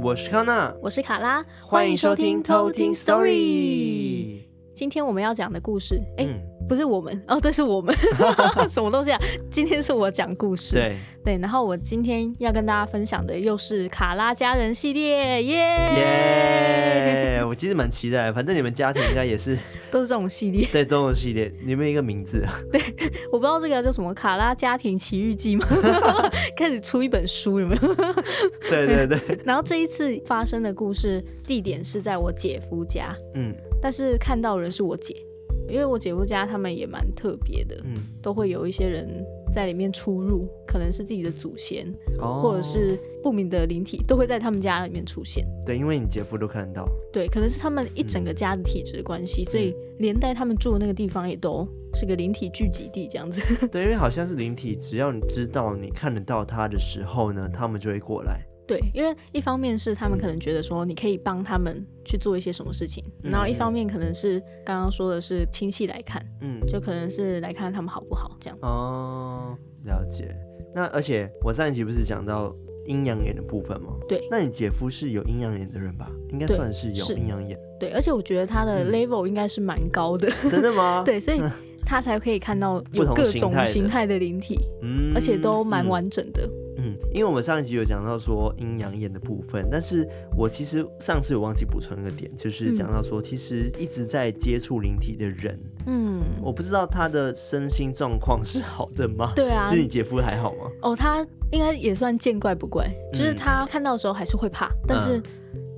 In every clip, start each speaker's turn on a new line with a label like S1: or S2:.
S1: 我是康娜，
S2: 我是卡菈，歡迎收聽偷聽 Story。今天我們要講的故事，誒嗯、不是我們哦，對，是我們， 什麼東西啊？今天是我講故事，對對，然後我今天要跟大家分享的又是卡菈家人系列，耶、yeah! yeah!。
S1: 我其實蠻期待，反正你們家庭應該也是都是這種系列，對，這種系列，你們一個名字啊？
S2: 對，我不知道這個叫什麼，《卡菈家庭奇遇記》嗎？ 開始出一本書有沒
S1: 有？ 對，對對對。
S2: 然後這一次發生的故事地點是在我姐夫家，嗯，但是看到的人是我姐，因為我姐夫家他們也蠻特別的，嗯，都會有一些人。在裡面出入，可能是自己的祖先，oh, 或者是不明的靈體，都會在他們家裡面出現。
S1: 對，因為你姐夫都看得到。
S2: 對，可能是他們一整個家的體質關係，嗯，所以連帶他們住的那個地方也都是個靈體聚集地這樣子。對，
S1: 因為好像是靈體，只要你知道你看得到他的時候呢，他們就會過來。
S2: 對，因為一方面是他們可能覺得說你可以幫他們去做一些什麼事情，嗯，然後一方面可能是剛剛說的是親戚來看，嗯，就可能是來看他們好不好這樣
S1: 子哦，了解。那而且我上一集不是講到陰陽眼的部分嗎？對，那你姐夫是有陰陽眼的人吧？應該算是有陰陽眼。對，
S2: 對，而且我覺得他的 level 應該是蠻高的。嗯，真的嗎？ 對，所以。 他才可以看到有各種形態的靈體，嗯，而且都蠻完整的嗯嗯，
S1: 嗯，因為我們上一集有講到說陰陽眼的部分，但是我其實上次有忘記補充一個點，就是講到說，其實一直在接觸靈體的人
S2: 嗯，嗯，我
S1: 不知道他的身心狀況是好的嗎？對、嗯、啊，就是你姐夫還好嗎？
S2: 哦，他應該也算見怪不怪，就是他看到的時候還是會怕，但是、嗯。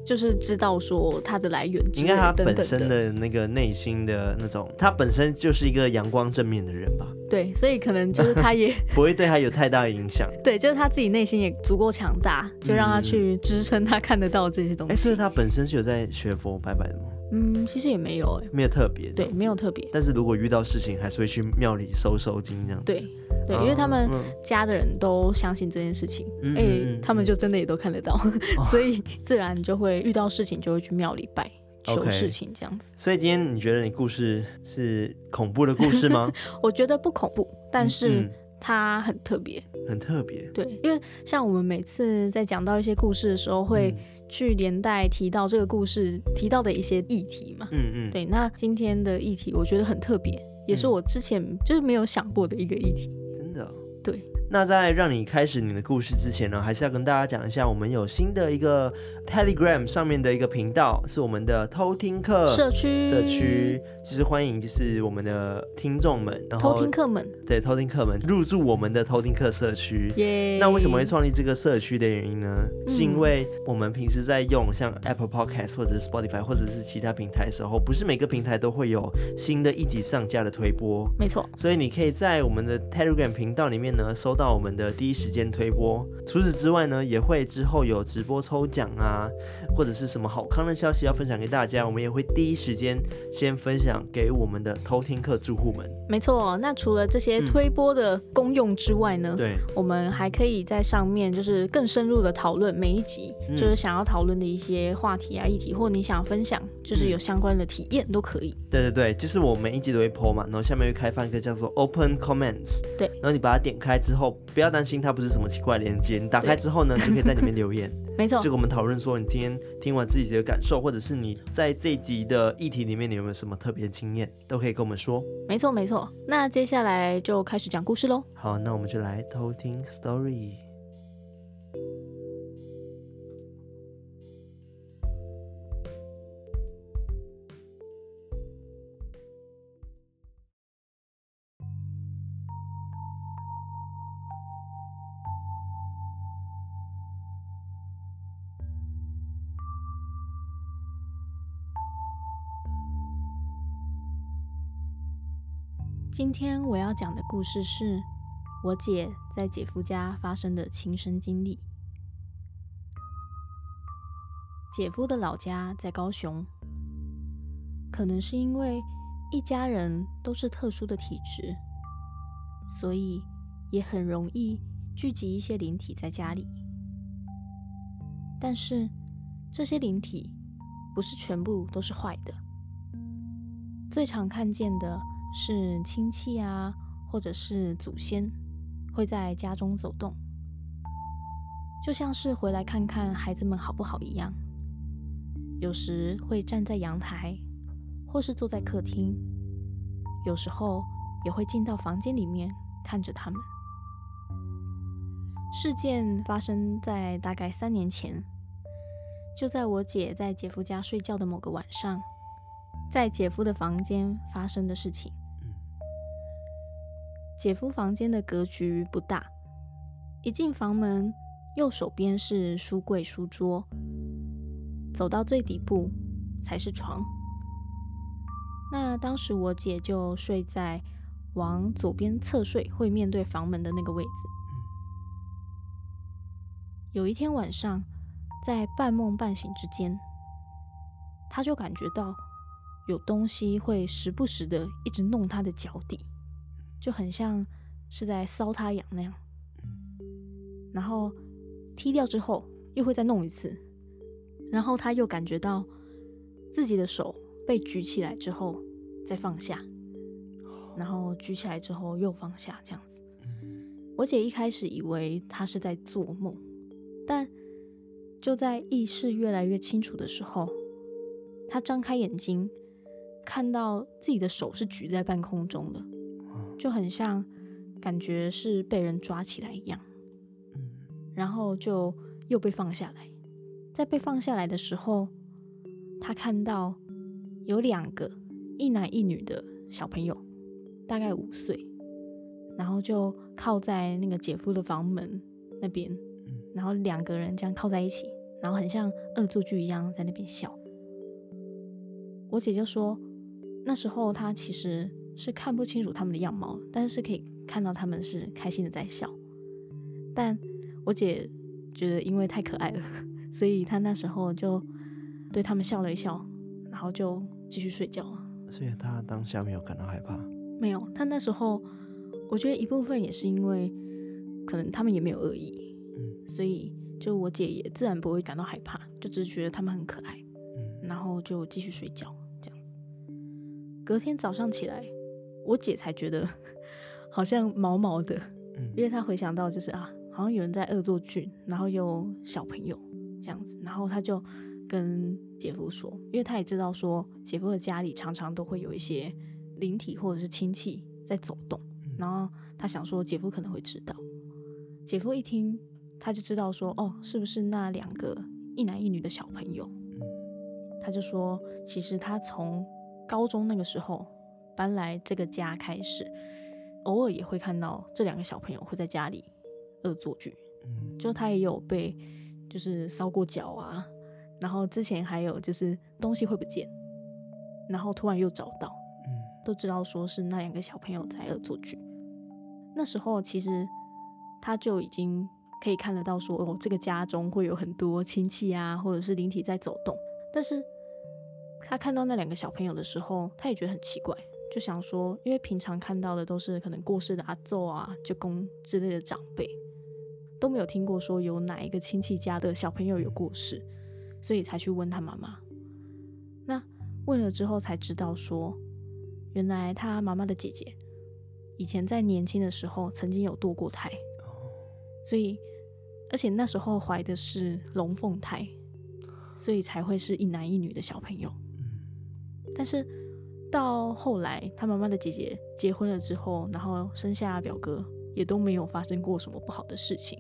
S2: 就是知道說他的來源，應該他本身的
S1: 那個內心的那種等等的，他本身就是一個陽光正面的人吧。
S2: 對，所以可能就是他也
S1: 不會對他有太大的影響。
S2: 對，就是他自己內心也足夠強大、嗯，就讓他去支撐他看得到這些東西。哎、欸，
S1: 所以他本身是有在學佛拜拜的嗎？
S2: 嗯，其實也沒有哎、
S1: 欸，沒有特別。對，沒有特別。但是如果遇到事情，還是會去廟裡收收驚這樣子。對
S2: 對、哦，因為他們家的人都相信這件事情，哎、嗯，他們就真的也都看得到，嗯、 所以自然就會遇到事情就會去廟裡拜求事情這樣子。Okay.
S1: 所以今天你覺得你故事是恐怖的故事嗎？
S2: 我覺得不恐怖，但是它很特別、嗯嗯，
S1: 很特別。
S2: 對，因為像我們每次在講到一些故事的時候會、嗯。去連帶提到這個故事提到的一些議題嘛，嗯嗯，對，那今天的議題我覺得很特別，也是我之前就是沒有想過的一個議題，嗯，真的，對，
S1: 那在讓你開始你的故事之前呢，還是要跟大家講一下，我們有新的一個。Telegram 上面的一個頻道是我們的偷聽客社區。社區其實歡迎就是我們的聽眾們，然後偷聽客們對偷聽客們入駐我們的偷聽客社區耶。那為什麼會創立這個社區的原因呢？是因為我們平時在用像 Apple Podcast 或者 Spotify 或者是其他平台的時候，不是每個平台都會有新的一集上架的推播，沒錯。所以你可以在我們的 Telegram 頻道裡面呢，收到我們的第一時間推播。除此之外呢，也會之後有直播抽獎啊。啊，或者是什麼好康的消息要分享給大家，我們也會第一時間先分享給我們的偷聽客住戶們。
S2: 沒錯，那除了這些推播的功用之外呢，嗯，對，我們還可以在上面就是更深入的討論每一集，就是想要討論的一些話題啊、議題，或你想要分享，就是有相關的體驗都可以。
S1: 對對對，就是我們一集都會播嘛，然後下面會開放一個叫做 Open Comments，對，然後你把它點開之後，不要擔心它不是什麼奇怪的連接，你打開之後呢，就可以在裡面留言。 沒錯，這個我們討論說，你今天聽完自己的感受，或者是你在這集的議題裡面，你有沒有什麼特別的經驗，都可以跟我們說。
S2: 沒錯，沒錯。那接下來就開始講故事嘍。
S1: 好，那我們就來偷聽 Story。
S2: 今天我要講的故事是我姐在姐夫家發生的親身經歷。姐夫的老家在高雄，可能是因為一家人都是特殊的體質，所以也很容易聚集一些靈體在家裡。但是這些靈體不是全部都是壞的，最常看見的。是親戚啊，或者是祖先，會在家中走動，就像是回來看看孩子們好不好一樣。有時會站在陽台，或是坐在客廳，有時候也會進到房間裡面看着他們。事件發生在大概三年前，就在我姐在姐夫家睡覺的某個晚上，在姐夫的房間發生的事情。姐夫房間的格局不大，一進房門，右手邊是書櫃、書桌，走到最底部才是床。那當時我姐就睡在往左邊側睡，會面對房門的那個位置。有一天晚上，在半夢半醒之間，她就感覺到有東西會時不時的一直弄她的腳底。就很像是在搔他癢那樣，然後踢掉之後又會再弄一次，然後他又感覺到自己的手被舉起來之後再放下，然後舉起來之後又放下這樣子。我姐一開始以為他是在做夢，但就在意識越來越清楚的時候，他張開眼睛，看到自己的手是舉在半空中的。就很像，感覺是被人抓起來一樣，然後就又被放下來，在被放下來的時候，他看到有兩個一男一女的小朋友，大概五歲，然後就靠在那個姐夫的房門那邊，然後兩個人這樣靠在一起，然後很像惡作劇一樣在那邊笑。我姐就說，那時候她其實是看不清楚他們的樣貌，但是可以看到他們是開心的在笑。但我姐覺得因為太可愛了，所以她那時候就對他們笑了一笑，然後就繼續睡覺。
S1: 所以她當下沒有感到害怕？
S2: 沒有，她那時候我覺得一部分也是因為可能他們也沒有惡意，嗯，所以就我姐也自然不會感到害怕，就只是覺得他們很可愛，嗯，然後就繼續睡覺，這樣子。隔天早上起來。我姐才覺得好像毛毛的，因為她回想到就是啊，好像有人在惡作劇，然後有小朋友這樣子，然後她就跟姐夫說，因為她也知道說姐夫的家裡常常都會有一些靈體或者是親戚在走動，嗯、然後她想說姐夫可能會知道。姐夫一聽他就知道說哦，是不是那兩個一男一女的小朋友？嗯、她他就說其實他從高中那個時候。搬來這個家開始，偶爾也會看到這兩個小朋友會在家裡惡作劇，嗯，就他也有被，就是燒過腳啊，然後之前還有就是東西會不見，然後突然又找到，嗯，都知道說是那兩個小朋友在惡作劇。那時候其實他就已經可以看得到說哦，這個家中會有很多親戚啊，或者是靈體在走動，但是他看到那兩個小朋友的時候，他也覺得很奇怪。就想說，因為平常看到的都是可能過世的阿祖啊、舅公之類的長輩，都沒有聽過說有哪一個親戚家的小朋友有過世，所以才去問他媽媽。那問了之後才知道說，原來他媽媽的姐姐以前在年輕的時候曾經有墮過胎，所以而且那時候懷的是龍鳳胎，所以才會是一男一女的小朋友。但是。到後來，他媽媽的姐姐結婚了之後，然後生下表哥，也都沒有發生過什麼不好的事情。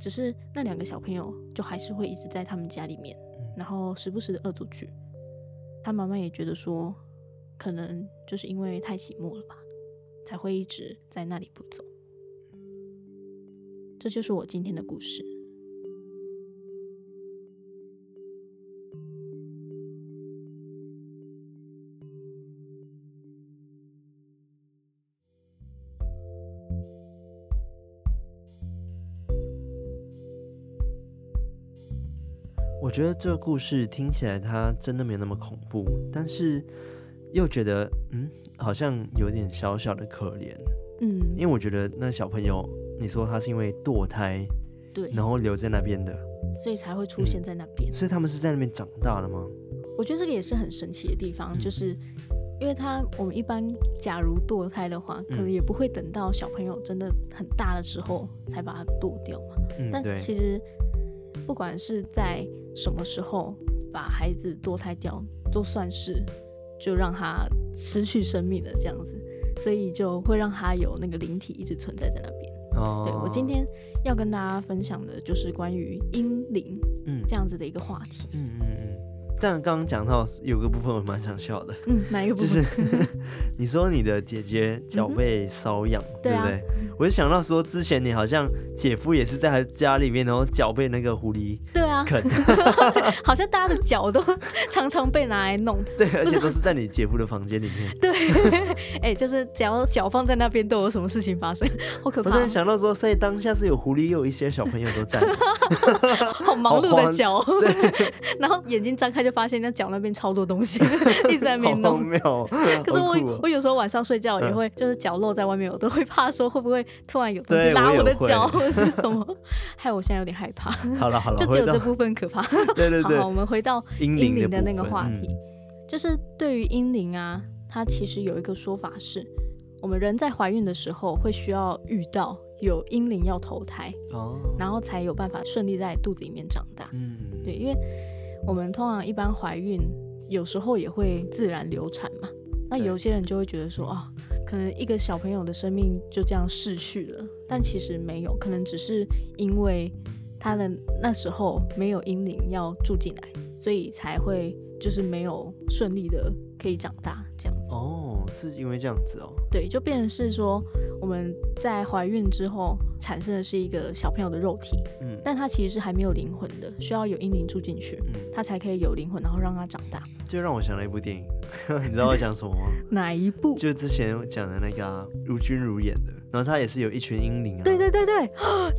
S2: 只是那兩個小朋友就還是會一直在他們家裡面，然後時不時的惡作劇。他媽媽也覺得說，可能就是因為太寂寞了吧，才會一直在那裡不走。這就是我今天的故事。
S1: 我覺得這個故事聽起來，它真的沒有那麼恐怖，但是又覺得，嗯，好像有點小小的可憐，嗯，因為我覺得那小朋友，你說他是因為墮胎，對，然後留在那邊的，
S2: 所以才會出現在那邊，
S1: 所以他們是在那邊長大的嗎？
S2: 我覺得這個也是很神奇的地方，就是因為他，我們一般假如墮胎的話，嗯，可能也不會等到小朋友真的很大的時候才把它墮掉嘛，嗯，但其實不管是在。什麼時候把孩子墮胎掉，都算是就讓他失去生命的這樣子，所以就會讓他有那個靈體一直存在在那邊。哦，
S1: 對，我今
S2: 天要跟大家分享的就是關於嬰靈，嗯，這樣子的一個話題。嗯嗯嗯。
S1: 但剛剛講到有個部分我蠻想笑的。嗯，哪一個部分？就是呵呵你說你的姐姐腳被瘙癢，嗯，對不對，對。啊？我就想到說之前你好像姐夫也是在他家裡面，然後腳被那個狐狸。
S2: 對。啊。肯， 好像大家的腳都常常被拿來弄。
S1: 對，而且都是在你姐夫的房間裡面。
S2: 對，哎、欸，就是只要腳放在那邊都有什麼事情發生，好可怕。我突然
S1: 想到說，所以當下是有狐狸，也有一些小朋友都在。
S2: 好忙碌的腳，對。然後眼睛張開就發現那腳那邊超多東西一直在那邊弄。
S1: 哦。可是我我
S2: 有時候晚上睡覺也會，嗯、就是腳露在外面，我都會怕說會不會突然有東西拉我的腳，或者是什麼，害我現在有點害怕。好了好了，就只有這部部分可怕，對對對。好，我們回到嬰靈的那個話題，就是對於嬰靈啊，它其實有一個說法是，我們人在懷孕的時候會需要遇到有嬰靈要投胎，然後才有辦法順利在肚子裡面長大。嗯，對，因為我們通常一般懷孕有時候也會自然流產嘛，那有些人就會覺得說啊、哦，可能一個小朋友的生命就這樣逝去了，但其實沒有，可能只是因為。他的那時候沒有嬰靈要住進來，所以才會就是沒有順利的可以長大，這樣
S1: 子。哦，是因為這樣子哦，
S2: 對，就變成是說。我們在懷孕之後產生的是一個小朋友的肉體，嗯，但他其實是還沒有靈魂的，需要有嬰靈住進去，嗯，他才可以有靈魂，然後讓他長大。
S1: 就讓我想了一部電影，呵呵，你知道我講什麼嗎？ 哪一部？就之前講的那個啊，吳君如演的，然後他也是有一群嬰靈啊。對
S2: 對對對，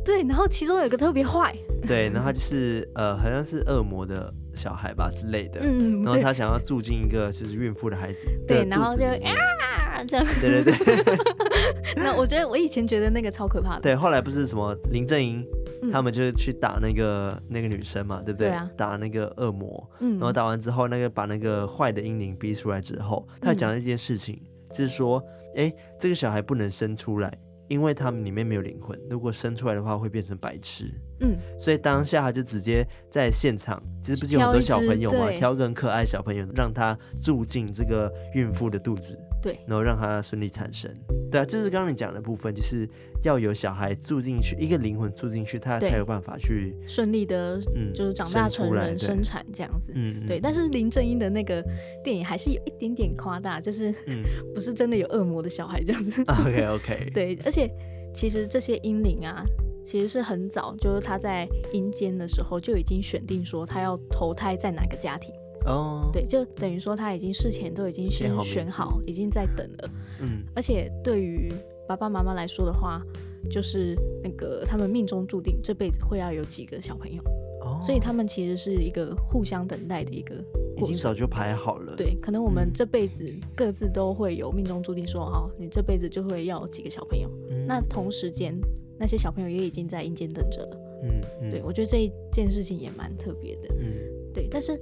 S2: 對，然後其中有一個特別壞，對，然後他
S1: 就是 呃，好像是惡魔的小孩吧之類的，嗯，然後他想要住進一個就是孕婦的孩子，對，對然後就
S2: 啊，這樣子。對對對。 那我覺得我以前覺得那個超可怕的。 對，
S1: 後來不是什麼林正英，他們就是去打那個、嗯、那個女生嘛，對不對？對啊、打那個惡魔、嗯，然後打完之後，那個把那個壞的嬰靈逼出來之後，他講了一件事情，就是說，哎、嗯欸，這個小孩不能生出來，因為他們裡面沒有靈魂，如果生出來的話會變成白痴。嗯。所以當下他就直接在現場，其實不是有很多小朋友嘛，挑個很可愛小朋友，讓他住進這個孕婦的肚子。對，然後讓他順利產生，對啊，就是剛剛你講的部分，就是要有小孩住進去，一個靈魂住進去，他才有辦法去
S2: 順利的，嗯，就是長大成人生、生產這樣子，嗯、嗯，對。但是林正英的那個電影還是有一點點誇大，就是、嗯、不是真的有惡魔的小孩這樣子。OK OK。對，而且其實這些嬰靈啊，其實是很早，就是他在陰間的時候就已經選定說他要投胎在哪個家庭。哦、oh.，對，就等於說他已經事前都已經選好選好，已經在等了。嗯，而且對於爸爸媽媽來說的話，就是那個他們命中注定這輩子會要有幾個小朋友，oh. 所以他們其實是一個互相等待的一個過程。已經
S1: 早就排好了。對，可能我們
S2: 這輩子各自都會有命中注定說，說、嗯、啊、哦，你這輩子就會要幾個小朋友。嗯、那同時間，那些小朋友也已經在陰間等着了嗯。嗯，對，我覺得這一件事情也蠻特別的。嗯，對，但是。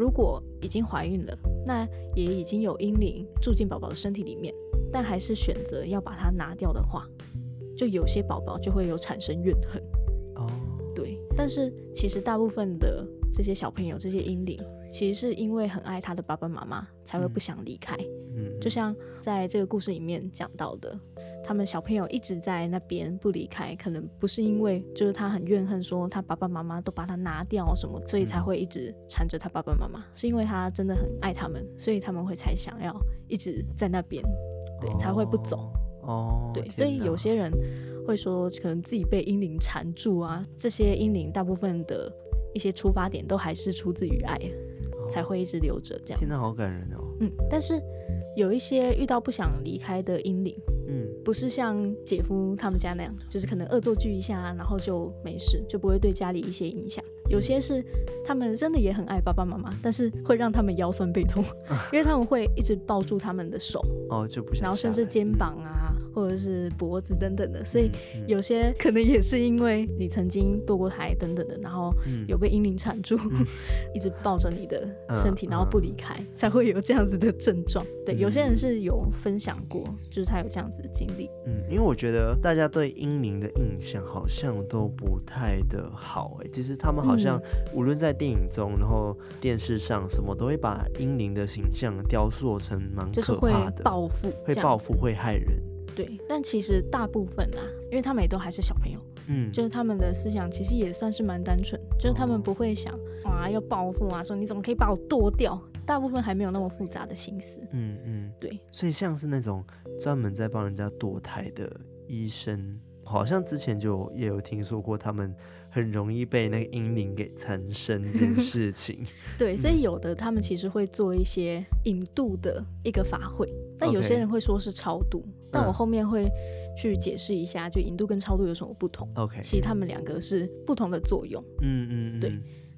S2: 如果已經懷孕了，那也已經有嬰靈住進寶寶的身體裡面，但還是選擇要把它拿掉的話，就有些寶寶就會有產生怨恨。哦，對，但是其實大部分的這些小朋友，這些嬰靈，其實是因為很愛他的爸爸媽媽，才會不想離開。嗯，嗯，就像在這個故事裡面講到的。他們小朋友一直在那邊不離開，可能不是因為就是他很怨恨，說他爸爸媽媽都把他拿掉什麼，所以才會一直纏着他爸爸媽媽、嗯。是因為他真的很愛他們，所以他們會才想要一直在那邊，對、哦，才會不走。哦，
S1: 對，所以有些
S2: 人會說，可能自己被嬰靈纏住啊。這些嬰靈大部分的一些出發點都還是出自於愛、哦，才會一直留着這樣。真的好感人哦。嗯，但是有一些遇到不想離開的嬰靈。不是像姐夫他們家那樣，就是可能惡作劇一下，然後就沒事，就不會對家裡一些影響。有些是他們真的也很愛爸爸媽媽，但是會讓他們腰痠背痛， 因為他們會一直抱住他們的手
S1: 哦，就不想，然後甚
S2: 至肩膀啊。嗯或者是脖子等等的，所以有些可能也是因為你曾經墮過胎等等的，然後有被嬰靈纏住，嗯、 一直抱着你的身體，嗯、然後不離開、嗯，才會有這樣子的症狀、嗯。對，有些人是有分享過，嗯、就是他有這樣子的經歷。嗯，
S1: 因為我覺得大家對嬰靈的印象好像都不太的好哎、欸，其、就、實、是、他們好像無論在電影中，然後電視上什麼都會把嬰靈的形象雕塑成蠻可怕的，報、
S2: 就、復、是、會報
S1: 復會，會害人。
S2: 對，但其實大部分吧，啊，因為他們也都還是小朋友，
S1: 嗯，就是
S2: 他們的思想其實也算是蠻單純，哦，就是他們不會想哇，啊、要報復啊，說你怎麼可以把我墮掉。大部分還沒有那麼複雜的心思，嗯
S1: 嗯，對。所以像是那種專門在幫人家墮胎的醫生，好像之前就也有聽說過，他們很容易被那個陰靈給纏身的事情。
S2: 對，嗯，所以有的他們其實會做一些引渡的一個法會，但有些人會說是超度。但我後面會去解釋一下，就引渡跟超度有什麼不同。OK，其實他們兩個是不同的作用。嗯嗯，嗯。對，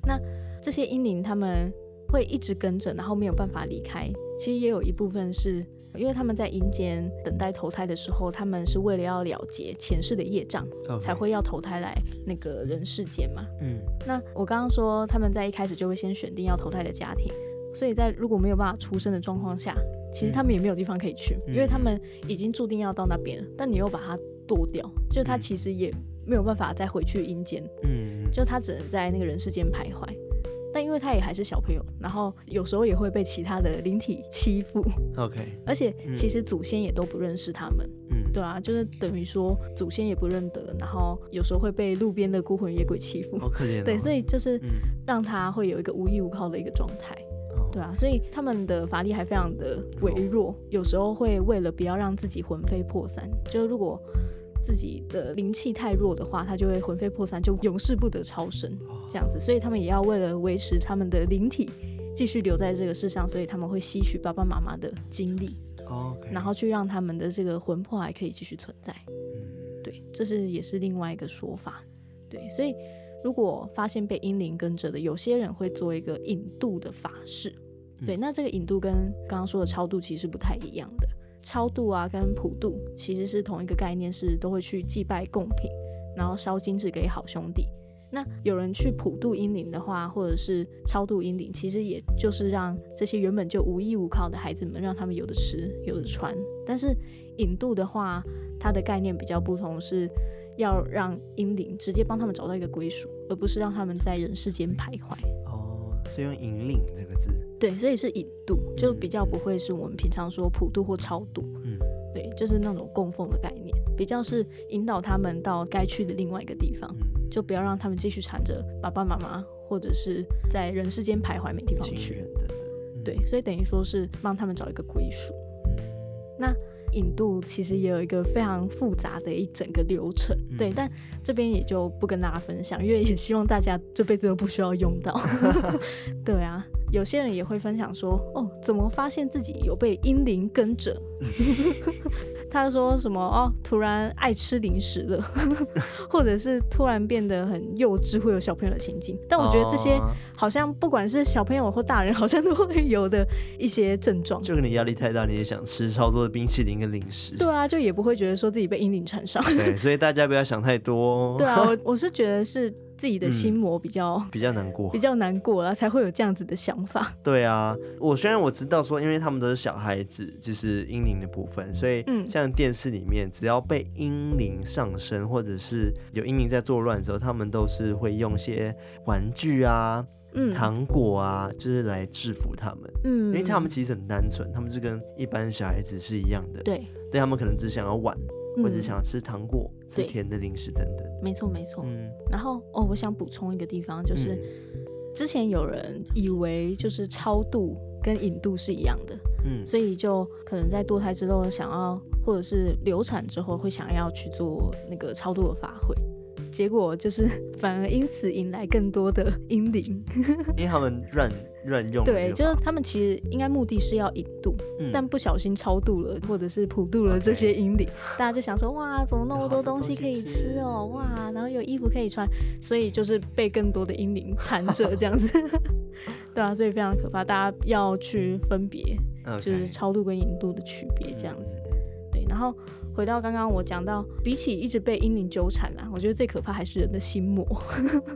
S2: 那這些嬰靈他們會一直跟着，然後沒有辦法離開。其實也有一部分是因為他們在陰間等待投胎的時候，他們是為了要了結前世的業障，okay, 才會要投胎來那個人世間嘛。嗯。那我剛剛說他們在一開始就會先選定要投胎的家庭，所以在如果沒有辦法出生的狀況下。其實他們也沒有地方可以去，嗯、因為他們已經注定要到那邊了，嗯。但你又把它剁掉，嗯，就他其實也沒有辦法再回去陰間。嗯，就他只能在那個人世間徘徊，嗯。但因為他也還是小朋友，然後有時候也會被其他的靈體欺負。
S1: OK、嗯。而且其實
S2: 祖先也都不認識他們。嗯，對啊，就是等於說祖先也不認得，然後有時候會被路邊的孤魂野鬼欺負，好可憐哦。對，所以就是讓他會有一個無依無靠的一個狀態。對啊，所以他們的法力還非常的微弱，有時候會為了不要讓自己魂飛魄散，就如果自己的靈氣太弱的話，他就會魂飛魄散，就永世不得超生這樣子。所以他們也要為了維持他們的靈體，繼續留在這個世上，所以他們會吸取爸爸媽媽的精力，Oh, okay. 然後去讓他們的這個魂魄還可以繼續存在。嗯，對，這是也是另外一個說法。對，所以如果發現被嬰靈跟着的，有些人會做一個引渡的法事。對，那這個引渡跟剛剛說的超度其實不太一樣的。超度啊，跟普渡其實是同一個概念，是都會去祭拜供品，然後燒金紙給好兄弟。那有人去普渡嬰靈的話，或者是超度嬰靈，其實也就是讓這些原本就無依無靠的孩子們，讓他們有的吃，有的穿。但是引渡的話，它的概念比較不同，是要讓嬰靈直接幫他們找到一個歸屬，而不是讓他們在人世間徘徊。
S1: 是用“引領”這個字，
S2: 對，所以是引渡，就比較不會是我們平常說普渡或超度，嗯，對，就是那種供奉的概念，比較是引導他們到該去的另外一個地方，就不要讓他們繼續纏着爸爸媽媽，或者是在人世間徘徊沒地方去的的、嗯，對，所以等於說是幫他們找一個歸屬。嗯、那引度其實也有一個非常複雜的一整個流程，對，但這邊也就不跟大家分享，因為也希望大家這輩子都不需要用到。 對啊，有些人也會分享說，哦，怎麼發現自己有被嬰靈跟着？ 他說什麼哦？突然愛吃零食了呵呵，或者是突然變得很幼稚，會有小朋友的情景。但我覺得這些好像不管是小朋友或大人，好像都會有的一些症狀。就
S1: 跟你壓力太大，你也想吃超多的冰淇淋跟零食。
S2: 對啊，就也不會覺得說自己被嬰靈纏上。對，
S1: 所以大家不要想太多。對啊，我
S2: 我是覺得是。自己的心魔比較
S1: 比較難過，比較
S2: 難過然後、啊、才會有這樣子的想法。
S1: 對啊，我雖然我知道說，因為他們都是小孩子，就是嬰靈的部分，所以嗯，像電視裡面，只要被嬰靈上身、嗯、或者是有嬰靈在作亂的時候，他們都是會用些玩具啊、嗯、糖果啊，就是來制服他們。嗯，因為他們其實很單純，他們是跟一般小孩子是一樣的。對。所以他們可能只想要玩，或者想要吃糖果、嗯、吃甜的零食等等。
S2: 沒錯沒錯。沒錯嗯、然後哦，我想補充一個地方，就是，嗯、之前有人以為就是超度跟引渡是一樣的，嗯，所以就可能在墮胎之後想要，或者是流產之後會想要去做那個超度的法會，結果就是反而因此引來更多的嬰靈。 因
S1: 為他們認。亂用。對，就是
S2: 他們其實應該目的是要引渡、嗯，但不小心超渡了，或者是普渡了這些陰靈，okay. 大家就想說哇，怎麼那麼多東西可以吃哦、喔，哇，然後有衣服可以穿，所以就是被更多的陰靈纏着這樣子， 對啊，所以非常可怕，大家要去分別，okay. 就是超渡跟引渡的區別這樣子。然後回到剛剛我講到，比起一直被嬰靈糾纏啊，我覺得最可怕還是人的心魔。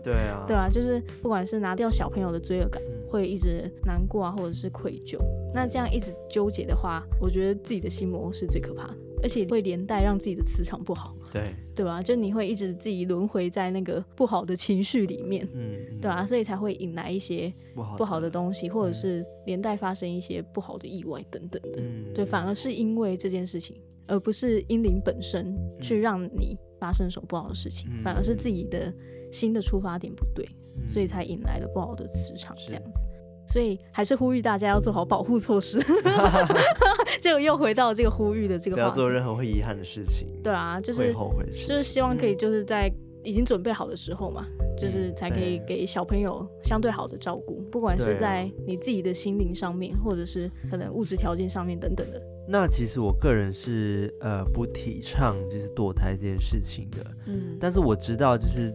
S2: 對啊， 對吧、啊？就是不管是拿掉小朋友的罪惡感、嗯，會一直難過啊，或者是愧疚，那這樣一直糾結的話，我覺得自己的心魔是最可怕的，而且會連帶讓自己的磁場不好。對，對吧、啊？就你會一直自己輪回在那個不好的情緒裡面，嗯，嗯對吧、啊？所以才會引來一些不好、的東西的、啊，或者是連帶發生一些不好的意外等等的、嗯。對，反而是因為這件事情，而不是嬰靈本身去讓你發生什麼不好的事情、嗯，反而是自己的心的出發點不對、嗯，所以才引來了不好的磁場這樣子。所以還是呼籲大家要做好保護措施， 就又回到這個呼籲的這個話題，不要做
S1: 任何會遺憾的事情。
S2: 對啊，就是就是希望可以就是在已經準備好的時候嘛，嗯、就是才可以給小朋友相對好的照顧，不管是在你自己的心靈上面，或者是可能物質條件上面等等的。
S1: 那其實我個人是呃不提倡就是墮胎這件事情的，嗯，但是我知道就是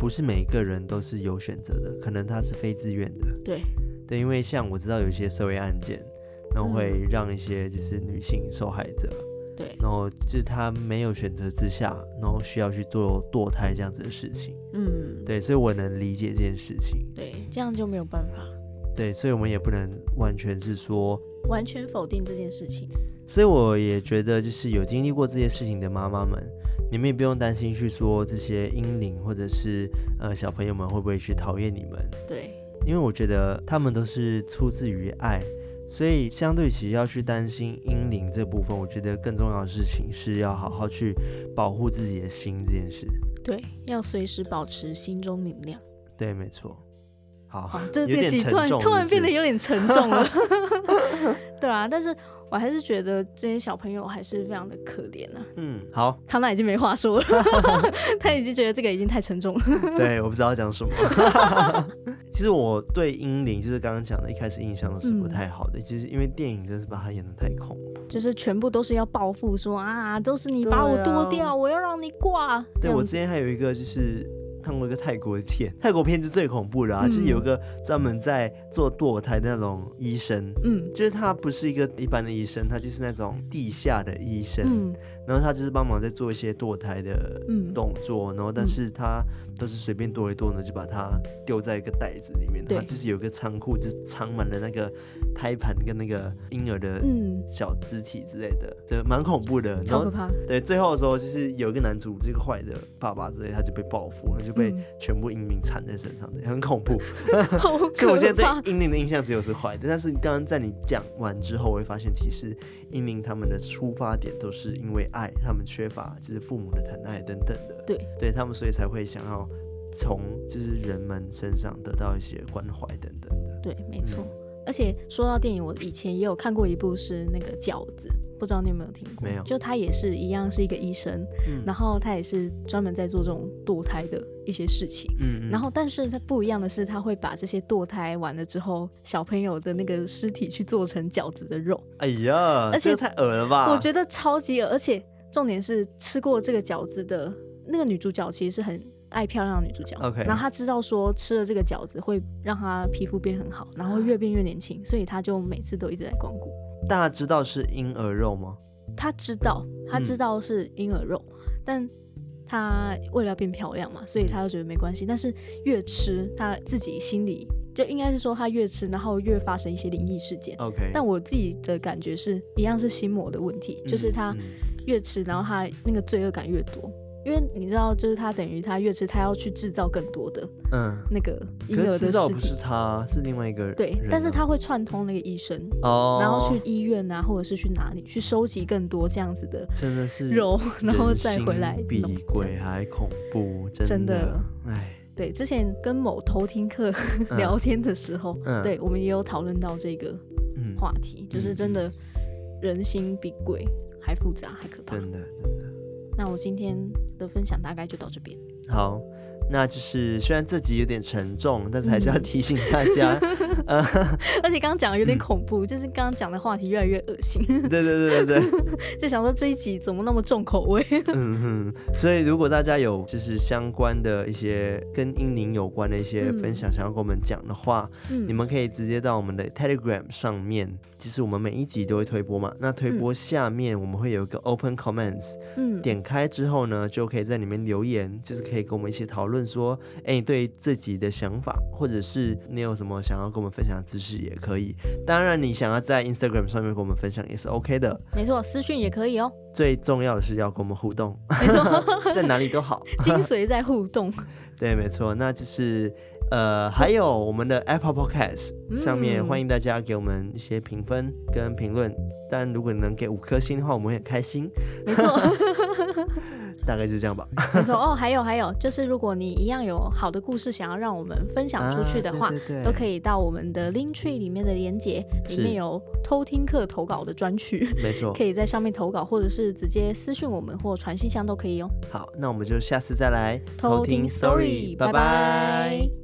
S1: 不是每一個人都是有選擇的，可能他是非自願的，對，對，因為像我知道有一些社會案件，然後會讓一些就是女性受害者，對，嗯，然後就是她沒有選擇之下，然後需要去做墮胎這樣子的事情，嗯，對，所以我能理解這件事情，
S2: 對，這樣就沒有辦法。
S1: 對，所以我們也不能完全是說
S2: 完全否定這件事情。
S1: 所以我也覺得，就是有經歷過這件事情的媽媽們，你們也不用擔心去說這些嬰靈或者是呃小朋友們會不會去討厭你們。對，因為我覺得他們都是出自於愛，所以相對其實要去擔心嬰靈這部分，我覺得更重要的事情是要好好去保護自己的心這件事。
S2: 對，要隨時保持心中明亮。
S1: 對，沒錯。好，啊、就這集突然突然變得有點沉重了，
S2: 對啊，但是我還是覺得這些小朋友還是非常的可憐啊。嗯，好，唐娜已經沒話說了， 他已經覺得這個已經太沉重了。 對，我
S1: 不知道講什麼。 其實我對英靈就是剛剛講的，一開始印象是不太好的，嗯、就是因為電影真的是把他演的太空，
S2: 就是全部都是要報復，說啊，都是你把我剁掉，啊、我要讓你掛。對我之前
S1: 還有一個就是。看過一個泰國片，泰國片是最恐怖的啊！嗯，就是有個專門在做墮胎的那種醫生，嗯，就是他不是一個一般的醫生，他就是那種地下的醫生。嗯嗯然後他就是幫忙在做一些墮胎的動作，嗯、然後但是他都是隨便墮一墮呢，就把它丟在一個袋子裡面。嗯、他就是有個倉庫，就藏滿了那個胎盤跟那個嬰兒的小肢體之類的，嗯、就蠻恐怖的。然後對，最後的時候就是有一個男主，這、就、個、是、壞的爸爸之類，他就被報復了，嗯、就被全部嬰靈纏在身上，對，很恐怖。所 以 可怕 我現在對嬰靈的印象只有是壞的，但是剛剛在你講完之後，我會發現其實嬰靈他們的出發點都是因為。愛他們缺乏，就是父母的疼愛等等的。對，對他們，所以才會想要從就是人們身上得到一些關懷等等的。
S2: 對，沒錯。嗯而且說到電影，我以前也有看過一部是那個餃子，不知道你有沒有聽過？沒有，就他也是一樣是一個醫生，嗯，然後他也是專門在做這種墮胎的一些事情，嗯，嗯，然後但是他不一樣的是，他會把這些墮胎完了之後小朋友的那個屍體去做成餃子的肉。
S1: 哎呀，而且太惡了吧？我覺
S2: 得超級惡，而且重點是吃過這個餃子的那個女主角其實是很。愛漂亮的女主角，OK，然後她知道說吃了這個餃子會讓她皮膚變很好，然後越變越年輕，所以她就每次都一直在光顧。
S1: 但她知道是嬰兒肉嗎？
S2: 她知道，她知道是嬰兒肉，嗯、但她為了要變漂亮嘛，所以她就覺得沒關係。但是越吃，她自己心裡就應該是說，她越吃，然後越發生一些靈異事件，OK。但我自己的感覺是，一樣是心魔的問題，就是她越吃，然後她那個罪惡感越多。因為你知道，就是他等於他越吃，他要去製造更多的，的，嗯，那個嬰兒的屍體。製造不是他，
S1: 是另外一個人對人、啊，但是他
S2: 會串通那個醫生，哦，然後去醫院吶、啊，或者是去哪裡去收集更多這樣子的，真的是肉，然後再回來。比
S1: 鬼還恐怖，真的，哎，
S2: 對，之前跟某偷聽課聊天的時候，嗯、對我們也有討論到這個話題、嗯，就是真的人心比鬼還複雜，還可怕，真的真的。那我今天、嗯。的分享大概就到這邊。
S1: 好。那就是雖然這集有點沉重，但是還是要提醒大家，嗯呃、
S2: 而且剛剛講的有點恐怖，嗯、就是剛剛講的話題越來越噁心。
S1: 對對對對對，
S2: 就想說這一集怎麼那麼重口味。嗯
S1: 哼，所以如果大家有就是相關的一些跟嬰靈有關的一些分享，嗯、想要跟我們講的話、嗯，你們可以直接到我們的 Telegram 上面，其實我們每一集都會推播嘛。那推播下面我們會有一個 Open Comments，嗯，點開之後呢，就可以在裡面留言，就是可以跟我們一起討論。問說，欸、你對自己的想法，或者是你有什麼想要跟我們分享的知識，也可以。當然，你想要在 Instagram 上面跟我們分享也是 OK 的。
S2: 沒錯，私訊也可以哦。
S1: 最重要的是要跟我們互動。沒錯， 在哪裡都好， 精髓
S2: 在互動。
S1: 對，沒錯，那就是。呃，還有我們的 Apple Podcast 上面，歡迎大家給我們一些評分跟評論、嗯。但如果能給五顆星的話，我們會很開心。沒錯， 大概就是這樣吧。沒
S2: 錯 哦，還有還有，就是如果你一樣有好的故事想要讓我們分享出去的話，啊、對對對都可以到我們的 Linktree 裡面的連結，裡面有偷聽客投稿的專區，沒錯， 可以在上面投稿，或者是直接私訊我們或傳信箱都可以哦。
S1: 好，那我們就下次再來偷聽, story, 偷聽 Story，拜拜。拜拜